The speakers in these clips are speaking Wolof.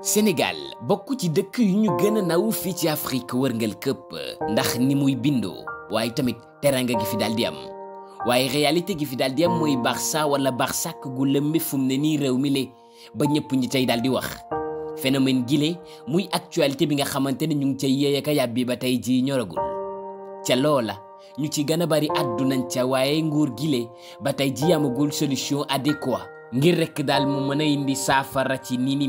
Sénégal bokk ci dëkk yu ñu gën a naw fii ci Afrique wërngel këpp ndax ni muy bindoo waaye tamit teranga gi fi daal am waaye réalité gi fi daal am mooy Barça wala Barsàq gu lëmbe fu ne nii réew mi le ba ñëpp ñi tey daal di wax phénomène gile muy actualité bi nga xamante ne ñu ngi cay yeeye ka yàbbi ba tey ji ñoragul ca loola ñu ci gën a bari àddu nañ ca waaye nguur gile ba tey ji amagul solution adéquate ngir rekk daal mu mën a indi saafara ci ni ni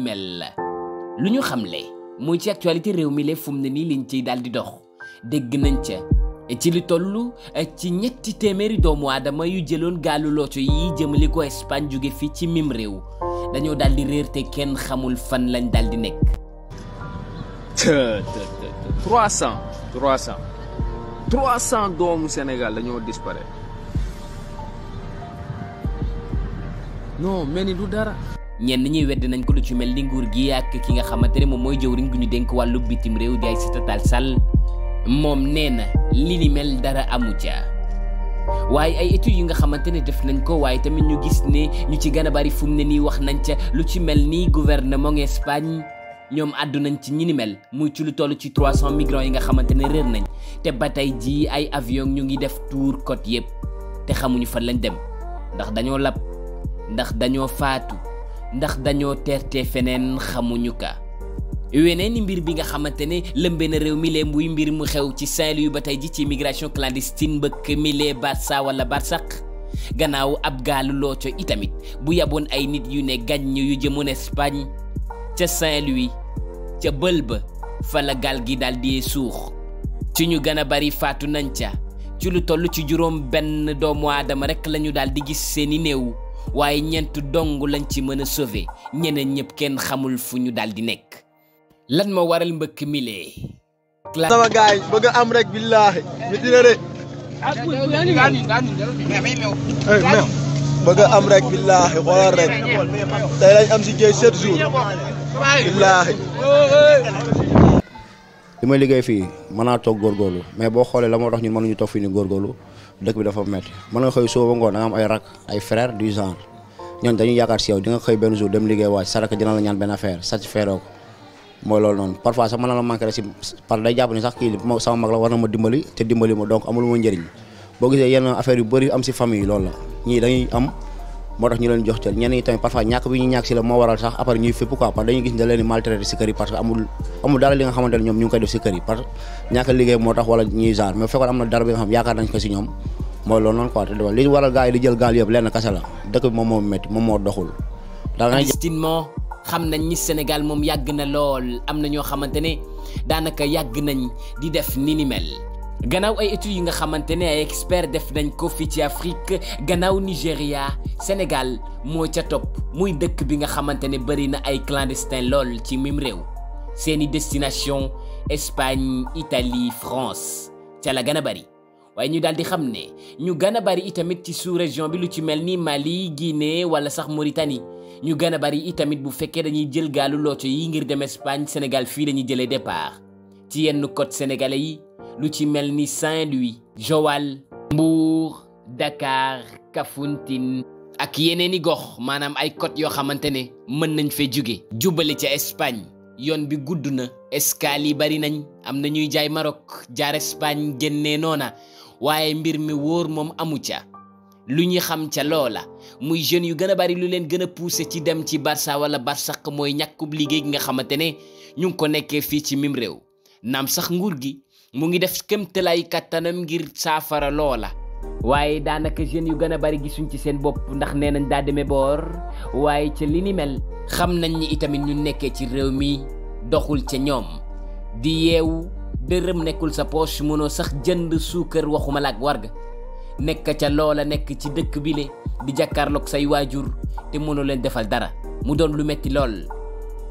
lu ñu xamle mooy ci actualité réew mi la fu mu ne nii liñ ciy daal di dox dégg nañ ca ci li toll ci ñetti téeméeri doomu aadama yu jëloon gaalu looco yi jëmale ko Espagne jóge fii ci mim réew dañoo daal di réer te kenn xamul fan lañ daal di nekk. 300 300 300 doomu Sénégal dañoo disparaître non mais ni du dara. ñenn ñi weddi nañ ko lu ci mel ni nguur gi ak ki nga xamante ne moom mooy jëwriñ gu ñu dénk wàllu bitim réew di Aïssata Tall Sall moom nee na li ni mel dara amu ca waaye ay études yu nga xamante ne def nañ ko waaye tamit ñu gis ne ñu ci gën a bari fu ne nii wax nañ ca lu ci mel ni gouvernement Espagne ñoom àddu nañ ci ñi mel muy ci lu toll ci 300 migrants yi nga xamante ne réer nañ te ba tey jii ay avion ñu ngi def tour côte yëpp te xamuñu fan lañ dem ndax dañoo lab dañoo faatu. ndax dañoo teerte feneen xamuñu ka weneen mbir bi nga xamante ne lëmbee na réew mi muy mbir mu xew ci Saint-Louis ba tey ji ci immigration clandestine mbëkk mi lee Barça wala gannaaw ab gaalu looco itamit bu yaboon ay nit yu ne gàññ yu jëmoon Espagne ca Saint-Louis ca bël ba fala gaal gi daal di suux ci ñu gën a bari faatu nañ ca ci lu toll ci juróom benn doomu aadama rek lañu daal di gis seeni néew waaye ñeent dong lañ ci mën a sauver ñeneen ñëpp kenn xamul fu ñu daal di nekk lan ma waral mbëkk milee sama gaay bëgg am rek billaahi mi dina de bëgg am rek billaahi xoolal rek tey lañ am si géej sept jours billaahi li may liggéey fii mën naa toog góorgóorlu mais boo xoolee la moo tax ñun mënuñu toog fii ni góorgóorlu dëkk bi dafa metti mën nga xëy soo ba da nga am ay rak ay frère du genre ñoon dañuy yaakaar si yow di xëy benn jour dem liggéey waaj saraka dina la ñaan benn affaire satisfaire ko mooy loolu noonu parfois sax mën la manqué si par day jàpp ni sax kii sama mag la war na ma dimbali te dimbali ma donc amul ma njëriñ boo gisee yenn affaire yu bëri am si famille loolu la ñii dañuy am moo tax ñu leen jox cër ñenn ñi tamit parfois ñàkk bi ñu ñàkk si la moo waral sax après ñuy fépp quoi parce que li nga xamante ñoom ñu ngi koy def si kër parce que ñàkk liggéey moo tax wala ñuy genre mais fekkoon am ko si ñoom mooy li waral gars yi di jël gaal yëpp lenn kase dëkk bi moom moo métti moom moo doxul daal yàgg na lool am na ñoo xamante ne daanaka yàgg nañ di def ni ni gannaaw ay études yi nga xamante ne ay expert def dañ ko fii ci Afrique gannaaw Nigéria Sénégal moo ca topp muy dëkk bi nga xamante ne bëri na ay clandestin lool ci mim réew seeni destination Espagne Italie France ca la gën a bëri waaye ñu daal di xam ne ñu gën a bëri itamit ci sous région bi lu ci mel ni Mali Guinée wala sax Mauritanie ñu gën a bëri itamit bu fekkee dañuy jël gaalu looco yi ngir dem Espagne Sénégal fii dañuy jëlee départ ci yenn côte sénégalais yi lu ci mel ni Saint-Louis Joal Mbour Dakar Kafountine ak yeneen i gox maanaam ay côte yoo xamante ne mën nañ fee jóge jubale ca Espagne yoon bi gudd na escale yi bari nañ am na ñuy jaay Maroc jaar Espagne génnee noona waaye mbir mi wóor moom amu ca lu ñu xam ca loola muy jeunes yu gën a bari lu leen gën a poussé ci dem ci Barça wala Barsaq mooy ñàkkub liggéey gi nga xamante ne ñu ngi ko nekkee fii ci mim réew naam sax nguur gi mu ngi def kémtalaay kattanam ngir saafara loola waaye daanaka jeunes yu gën a bari gisuñ ci seen bopp ndax nee nañ daa demee boor waaye ca li ni mel xam nañ ni itamit ñu nekkee ci réew mi doxul ca ñoom di yeewu dërëm nekkul sa poche mënoo sax jënd suukar waxuma la ak warga nekk ca loola nekk ci dëkk bile di jàkkaarloog say waajur te mënoo leen defal dara mu doon lu metti lool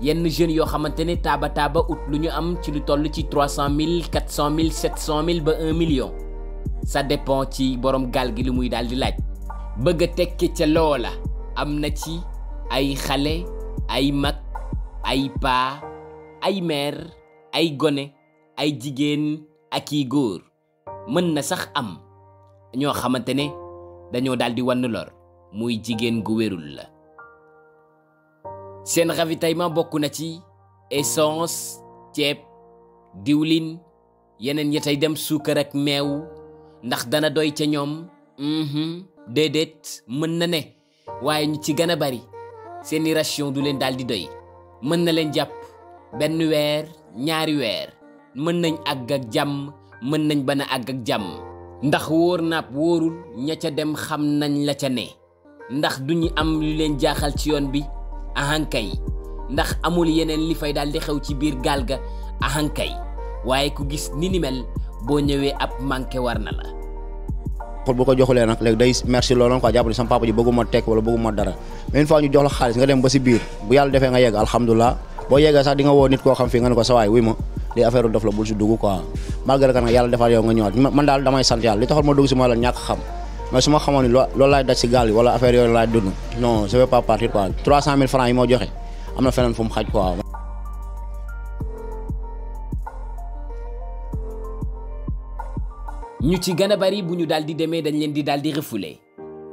yenn jeunes yoo xamante ne taaba taaba ut lu ñu am ci lu toll ci 300000 400000 700000 ba 1 million ça dépend ci borom gaal gi li muy daal di laaj bëgg a tekki ca loola am na ci ay xale ay mag ay paa ay mère ay gone ay jigéen ak i góor mën na sax am ñoo xamante ne dañoo daal di wann lor muy jigéen gu wérul la seen ravitaillement bokk na ci essence ceeb diwlin yeneen ya tey dem suukar ak meew ndax dana doy ca ñoom mhm, déedéet mën na ne waaye ñu ci gën a bari seeni ration du leen daal di doy mën na leen jàpp benn weer ñaari weer mën nañ àgg ak jàmm mën nañ bana àgg ak jàmm ndax wóor naab wóorul ña ca dem xam nañ la ca ne ndax du ñu am lu leen jaaxal ci yoon bi ahankay ndax amul yeneen li fay daal di xew ci biir gaal ga ahankay waaye ku gis ni ni mel boo ñëwee ab manqué war na la. bu ko joxulee nag léegi day merci looloon quoi jàpp ne sama ji bëgguma tekk wala bëgguma dara mais une ñu jox la xaalis nga dem ba si biir bu yàlla defee nga yegg alhamdulilah boo yeggee sax di nga nit koo xam fii nga ne ko sa wuy ma li affaire dof la bul si dugg quoi malgré que nag yàlla defal yow nga ñëwaat man daal damay sant yàlla mais su ma xamoon ni loolu laay daj si gaal yi wala affaire yooyu laay dund non je vais pas partir quoi 300000 yi moo joxe am na feneen fu xaj quoi. ñu ci gën a bari bu ñu daal di demee dañ leen di daal di refoulé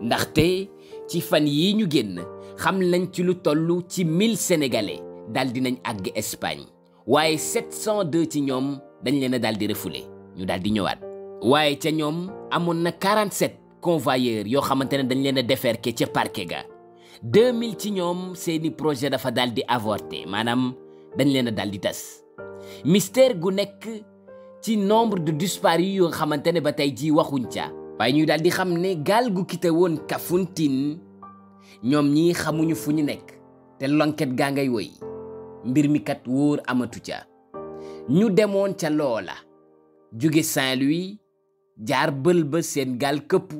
ndaxte ci fan yii ñu génn xam nañ ci lu toll ci 1000 sénégalais daal di nañ àgg Espagne waaye 702 ci ñoom dañ leen a daal di ñu daal di ñëwaat waaye ca ñoom amoon na convoyeurs yoo xamante ne dañ leen a déferke ca parquet ga 2000 ci ñoom seeni projet dafa daal di avorté maanaam dañ leen a daal di tas mystère gu nekk ci nombre de disparus yoo xamante ne ba tey jii waxuñ ca waaye ñuy daal di xam ne gaal gu kite woon Kafountine ñoom ñii xamuñu fu ñu nekk te lonket gaa ngay woy mbir mi kat wóor amatu ca ñu demoon ca loola jóge Saint-Louis jaar bël ba seen gaal këpp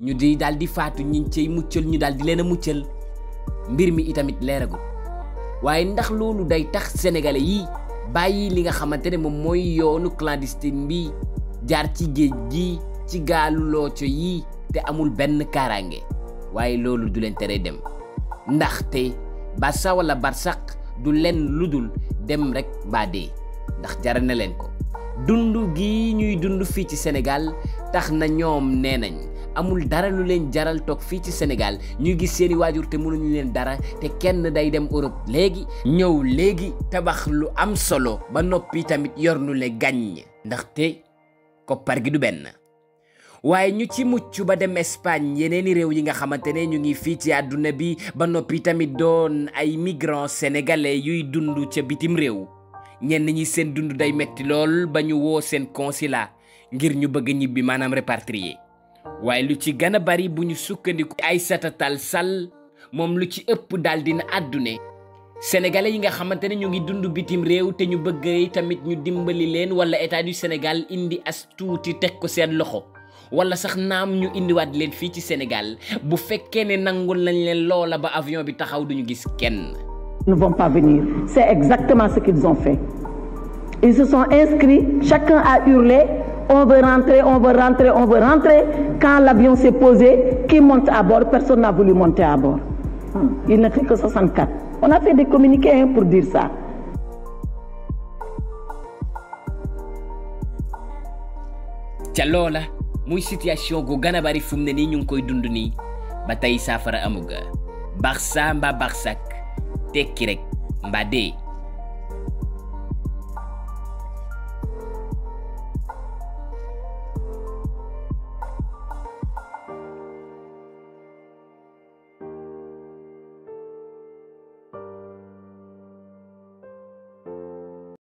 ñu di daal di faatu ñi cey muccal ñu daal di leen a muccal mbir mi itamit leeragu waaye ndax loolu day tax sénégalais yi bàyyi li nga xamante ne moom mooy yoonu clandestine bi jaar ci géej gi ci gaalu looco yi te amul benn kaaraange waaye loolu du leen tere dem ndaxte barsa wala barsaq du lu dul dem rekk ba dee ndax jara na leen ko dund gi ñuy dund fii ci senegal tax na ñoom nee nañ amul dara lu leen jaral toog fii ci Sénégal ñuy gis seeni waajur te mënuñu leen dara te kenn day dem Europe léegi ñëw léegi tabax lu am solo ba noppi tamit yor nu le gàññ ndaxte koppar gi du benn waaye ñu ci mucc ba dem Espagne yeneeni réew yi nga xamante ne ñu ngi fii ci àdduna bi ba noppi tamit doon ay migrants sénégalais yuy dund ca bitim réew ñenn ñi seen dund day metti lool ba ñu woo seen consulat ngir ñu bëgg ñibbi maanaam répatrier waaye lu ci gën a bari bu ñu sukkandiku Aïssata Tall Sall moom lu ci ëpp daal dina àddune sénégalais yi nga xamante ne ñu ngi dund bitim réew te ñu bëgg tamit ñu dimbali leen wala état du Sénégal indi as tuuti teg ko seen loxo wala sax naam ñu indiwaat leen fii ci Sénégal bu fekkee ne nangul lañ leen loola ba avion bi taxaw duñu gis kenn. ne vont pas venir c'est exactement ce qu'ils ont fait ils se inscrits chacun a hurlé. on veut rentrer, on veut rentrer, on veut rentrer. Quand l'avion s'est posé, qui monte à bord Personne n'a voulu monter à bord. Il n'était que On a fait des communiqués pour dire ça. ca loola muy situation gu gën a bari fu ne nii ñu ngi koy dund nii ba tey saafara amuga baax saa mbaa baax sàkk